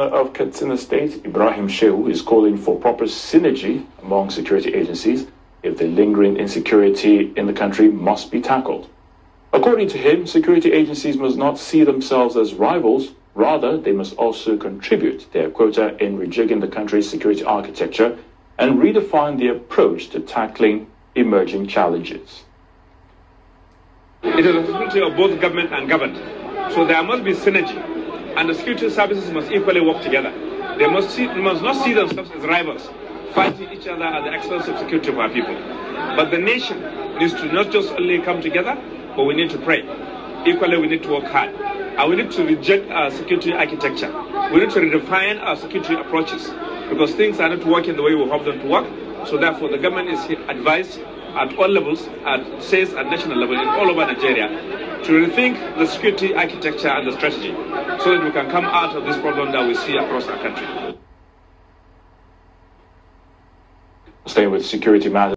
of Katsina State, Ibrahim Shehu, is calling for proper synergy among security agencies if the lingering insecurity in the country must be tackled. According to him, security agencies must not see themselves as rivals, rather, they must also contribute their quota in rejigging the country's security architecture and redefine the approach to tackling emerging challenges. It is a responsibility of both government and governed, so there must be synergy and the security services must equally work together. They must, see, must not see themselves as rivals, fighting each other at the expense of security of our people. But the nation needs to not just only come together, but we need to pray. Equally, we need to work hard. And we need to reject our security architecture. We need to redefine our security approaches because things are not working the way we hope them to work. So therefore, the government is advised at all levels, at states, at national level, and all over Nigeria, to rethink the security architecture and the strategy so that we can come out of this problem that we see across our country. Stay with security matters.